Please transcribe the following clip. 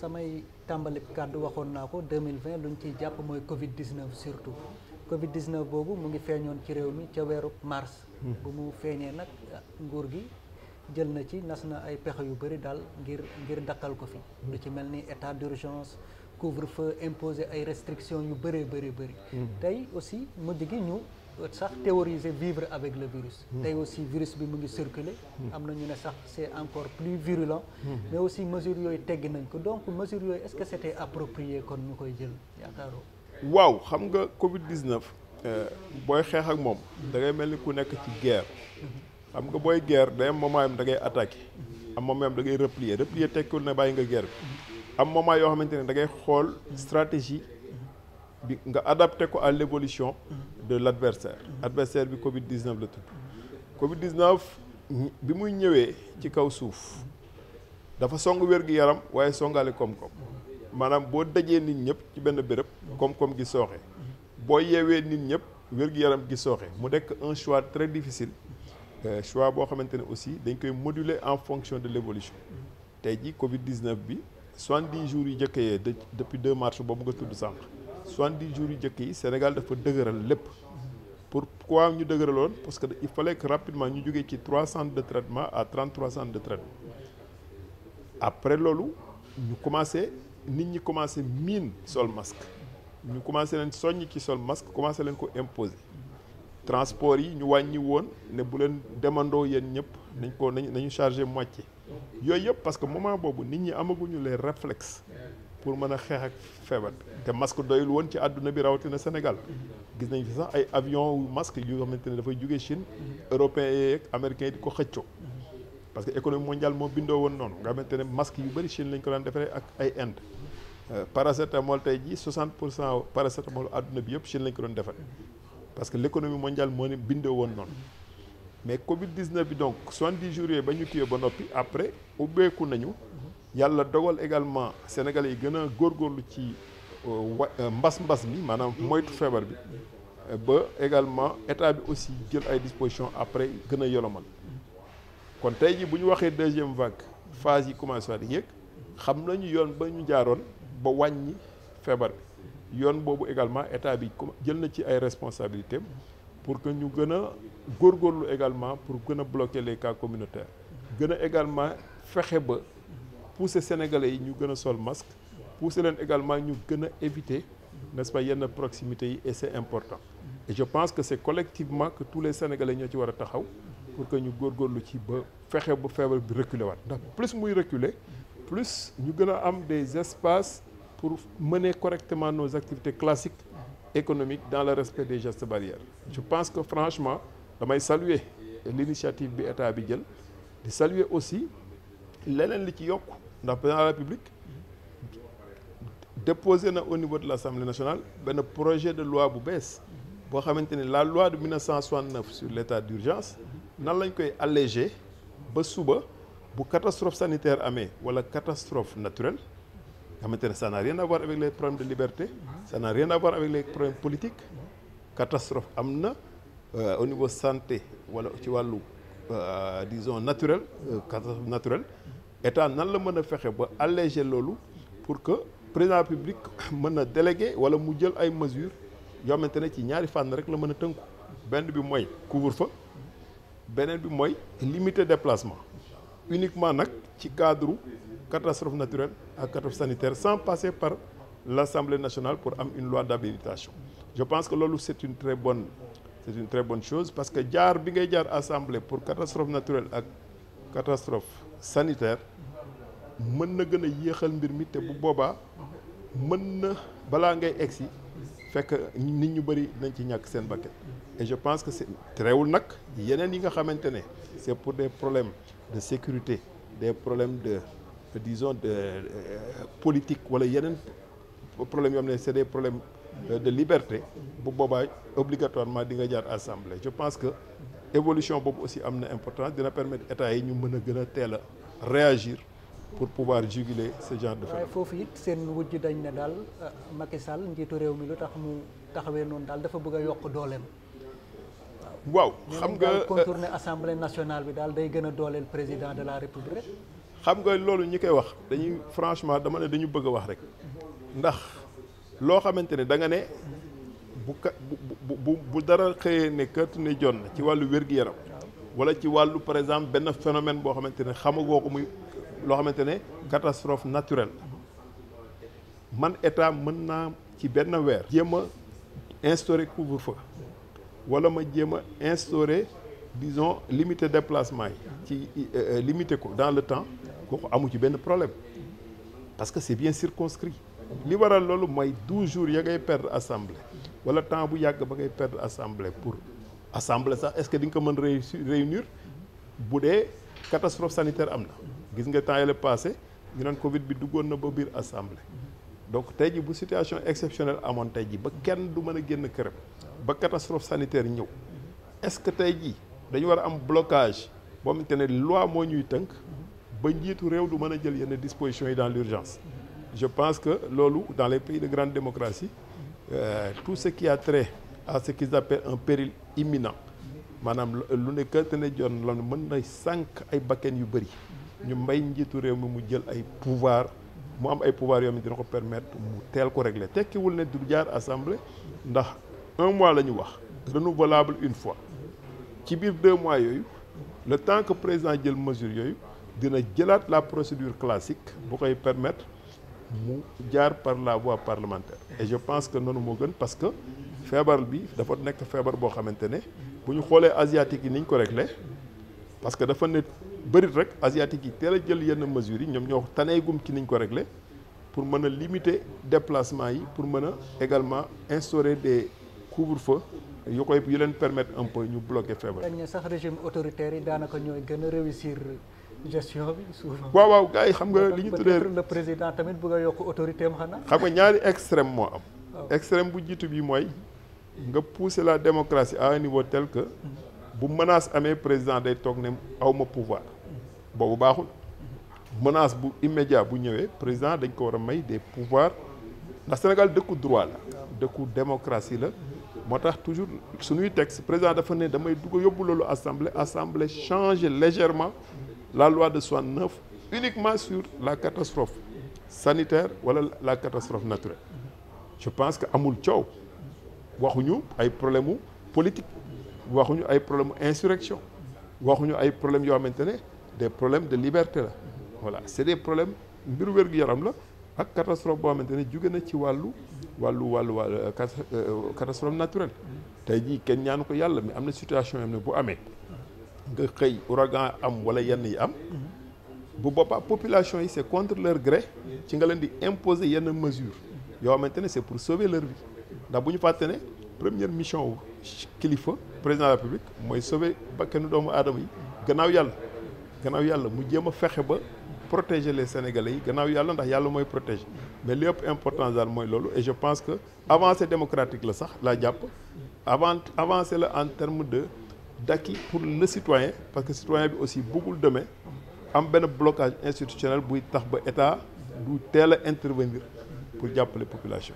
samay tàmbali kàddu waxoon naa ko 2020 luñ ciy jàpp mooy Covid 19 surtout Covid 19 boobu mu ngi feeñoon ci réew mi ca weeru mars. Hmm. bu mu feeñee nag nguur gi jël na ci nas na ay pexe yu bëri daal ngir ngir dakkal ko fi. Hmm. lu ci mel ni état d'urgence couvre-feu imposé ay restrictions yu bëree bëri bëri. Hmm. tey aussi mujj gi ñu. sax théoriser vivre avec le virus tey aussi virus bi mu ngi circuler am na ñu ne sax c'est encore plus virulent hmm. mais aussi mesures yooyu tegg nañ ko donc mesures yooyu est-ce que c'était approprié kon ñu koy jël yaakaaroo waaw xam nga covid 19 euh, booy xeex ak moom da ngay mel ni ku nekk ci guerre hmm. xam nga booy guerre day am moment yam da ngay attaqué hmm. am moment yam da ngay replier replier tekkul ne bàyyi nga guerre bi am moment yoo xamante ne da ngay xool stratégie nga adapté ko à l'évolution de l' adversaire adversaire bi Covid 19 la tudd Covid 19 bi muy ñëwee ci kaw suuf dafa song wér-gu-yaram waaye songaale koom-koom maanaam boo dajee nit ñëpp ci benn béréb koom-koom gi sooxe boo yeewee nit ñëpp wér-gu-yaram gi sooxe mu nekk un choix très difficile euh, choix boo xamante ne aussi dañ koy moduler en fonction de l' évolution tey ji Covid 19 bi soixante-dix jours yu njëkkee depuis 2 mars boobu nga tudd sànq. soixante di jour yu njëkk yi Sénégal dafa dëgëral lépp pour pourquoi ñu dëgëraloon parce que il fallait que rapidement ñu jógee ci trois centres de traitement à trente-trois centres de traitement après loolu ñu commencé nit ñi commencé miin sol masque ñu commencé leen soññ ci sol masque commencé leen ko imposer transport yi ñu wàññi woon ne bu leen demandoo yéen ñëpp nañ ko nañu nañu chargé moitié yooyu yëpp parce que moment boobu nit ñi amaguñu les réflexes pour mën a xeex ak feebar te masque doyul woon ci àdduna bi rawatina Sénégal gis nañ fi sax ay avion masque yu xamante ne dafay jóge Chine européen yeeg américain yi di ko xëccoo parce que économie mondiale moo bindoo woon noonu nga xamante ne masque yu bëri Chine lañ ko daan defaree ak ay Inde euh, paracétamol tey jii 60 pour cent paracétamol àdduna bi yëpp Chine lañ ko doon defaree parce que l' économie mondiale moo ne bindoo woon noonu mais Covid 19 bi donc 70 jours yooyu ba ñu téye ba noppi après ubbeeku nañu. yàlla dogal également sénégal yi gën a góorlu ci euh, wa mbas-mbas euh, mi maanaam moytu feebar bi ba également état bi aussi jël ay dispositions après gën a yolomal kon tey jii bu ñu waxee deuxième vague phase yi commencé di yéeg xam nañu yoon ba ñu jaaroon ba wàññi feebar bi yoon boobu également état bi jël na ci ay responsabilité pour que ñu gën a góorgóorlu également pour gën a bloquer les cas communautaires gën a également fexe ba. pousser sénégalais yi ñu gën a sol masque pousser leen également ñu gën a éviter n'est-ce pas yenn proximité yi et c'est important et je pense que c'est collectivement que tous les sénégalais ñoo ci war a taxaw pour que ñu góorgóorlu ci ba fexe ba feebar bi réculer waat ndax plus muy réculer plus ñu gën a am des espaces pour mener correctement nos activités classique économiques dans le respect des gestes barrières je pense que franchement damay saluer l'initiative bi état bi jël leneen li ci yokk ndax président de la république na au niveau de l' assemblée nationale benn projet de loi bu bees boo xamante ne la loi de 1969 sur l' état d' urgence nan lañ koy allégé ba suba bu catastrophe sanitaire amee wala catastrophe naturelle nga xamante ne ça n'a rien à voir avec les problèmes de liberté ça n'a rien à voir avec les problèmes politiques catastrophe am na euh, au niveau santé wala ci wàllu euh, disons naturel euh, catastrophe naturelle état nan la mën a fexe ba alléger loolu pour que président de République mën a délégué wala mu jël ay mesures yoo xamante ne ci ñaari fànn rek la mën a tënku benn bi mooy couvre-feu beneen bi mooy limiter déplacement uniquement nag ci cadre catastrophe naturel ak catastrophe sanitaire sans passer par l'Assemblée nationale pour am une loi d'habilitation je pense que loolu c'est une très bonne c'est une très bonne chose parce que jaar bi ngay jaar assemblée pour catastrophe naturelle ak catastrophe sanitaire mën na gën a yéexal mbir mi te bu boobaa mën na balaa ngay si fekk nit ñu bëri nañ ci ñàkk seen bakkan et je pense que c'est tereewul nag yeneen yi nga xamante ne c'est pour des problèmes de sécurité des problèmes de disons de euh, politique wala yeneen problèmes yoo xam ne c'est des problèmes Euh, de liberté bu boobaa obligatoirement di nga jaar assemblée je pense que évolution boobu aussi am na importance dina permettre état yi ñu mën a gën a teel a réagir pour pouvoir juguler ce genre de phénomène. waaye foofu it seen wujj dañ ne daal euh, Macky Sall njiitu réew mi lu tax mu taxawee noonu daal dafa bëgg a yokk dooleem. waaw xam nga daal euh, contourner assemblée nationale bi daal day gën a dooleel président de la république. xam nga loolu ñu koy wax dañuy franchement dama ne dañu bëgg a wax rek loo xamante ne da nga ne bu ka bu bu bu dara xëyee ne kër ne jon ci wàllu wér-gu-yaram wala ci wàllu par exemple benn phénomène boo xamante ne xama goo ko muy loo xamante ne catastrophe naturelle man état mën naa ci benn weer. jéem a instaurer couvre-feu wala ma jéem a instaurer disons limiter déplacement yi. ci euh, euh, limiter ko dans le temps kooku amu ci benn problème parce que c'est bien circonscrit. li waral loolu mooy douze jours ya ngay perdre assemblée wala temps bu yàgg ba ngay perdre assemblée pour assemblée sax est-ce que di nga ko mën réunir bu dee catastrophe sanitaire am na gis nga temps yële passé ñu naan Covid bi duggoon na ba biir assemblée donc tey ji bu situation exceptionnelle amoon tey ji ba kenn du mën a génn këram ba catastrophe sanitaire ñëw est-ce que tey ji dañu war a am blocage boo xamante ne loi moo ñuy tënk ba njiitu réew du mën a jël yenn dispositions yi dans l'urgence je pense que loolu dans les pays de grande démocratie euh, tout ce qui a trait à ce qu'ils appellent un péril imminent maanaam lu ne kante ne jon lan mën na sànq ay bakken yu bëri ñu mbay njiitu réew mi mu jël ay pouvoir mu am ay pouvoir yoo xam dina ko permettre mu teel ko régler tekkiwul ne du jaar assemblée ndax un mois la ñu wax renouvelable une fois ci biir deux mois yooyu le temps que président jël mesure yooyu dina jëlaat la procédure classique bu koy permettre mu jaar par la voie parlementaire et je pense que noonu moo gën parce que feebar bi dafa nekk feebar boo xamante ne bu ñu xoolee asiatique yi ni ñu ko réglé parce que dafa ne bëri rek asiatique yi teel a jël yenn mesures yi ñoom ñoo taneegum ci ni ñu ko réglé pour mën a limiter déplacement yi pour mën a également instaurer de couvre-feu yu koy yu leen permettre un peu ñu bloquer feebar. dañ ne sax régime autoritaire yi daanaka ñooy gën a réussir. gestion bi souvent. waaw waaw gars yi xam nga li ñu tuddee le a yokk autorité am xanaa. xam nga ñaari extrême moo am. extrême bu jiitu bi mooy. nga pousser la démocratie à un niveau tel que. bu menace amee président day toog ne aw ma pouvoir. boobu baaxul. menace bu immédiat bu ñëwee président dañ ko war a may des pouvoirs ndax Sénégal dëkku droit la. dëkku démocratie la. moo tax toujours suñuy texte président dafa ne damay dugg yóbbu loolu assemblée assemblée changer légèrement. la loi de 69 uniquement sur la catastrophe sanitaire wala la catastrophe naturelle je pense que amul coow waxuñu ay problème mu politique waxuñu ay problème mu insurrection waxuñu ay problème yoo xamante ne des problèmes de liberté la wala c'est des problème mbiru wér-gu-yaram la ak catastrophe boo xamante ne jóge na ci wàllu wàllu wàllu wàllu euh, euh, catastrophe naturelle tey jii kenn ñaanu ko yàlla mi am na situation yoo ne bu amee nga xëy ouragan am wala yenn yi am bu boobaa population yi c'est contre leur gré ci nga leen di imposer yenn mesures yoo xamante ne c'est pour sauver leur vie ndax bu ñu fàtte ne première mission kilifa président de la République mooy sauver bakkanu doomu aadama yi gannaaw yàlla gannaaw yàlla mu jéem a fexe ba protéger les sénégalais yi gannaaw yàlla ndax yàlla mooy protéger mais li ëpp importance daal mooy loolu et je pense que avancée démocratique la sax la en terme de d'acquis pour le citoyen parce que citoyen bi aussi bëggul demee am benn blocage institutionnel buy tax ba état du teel a intervenir pour jàppale population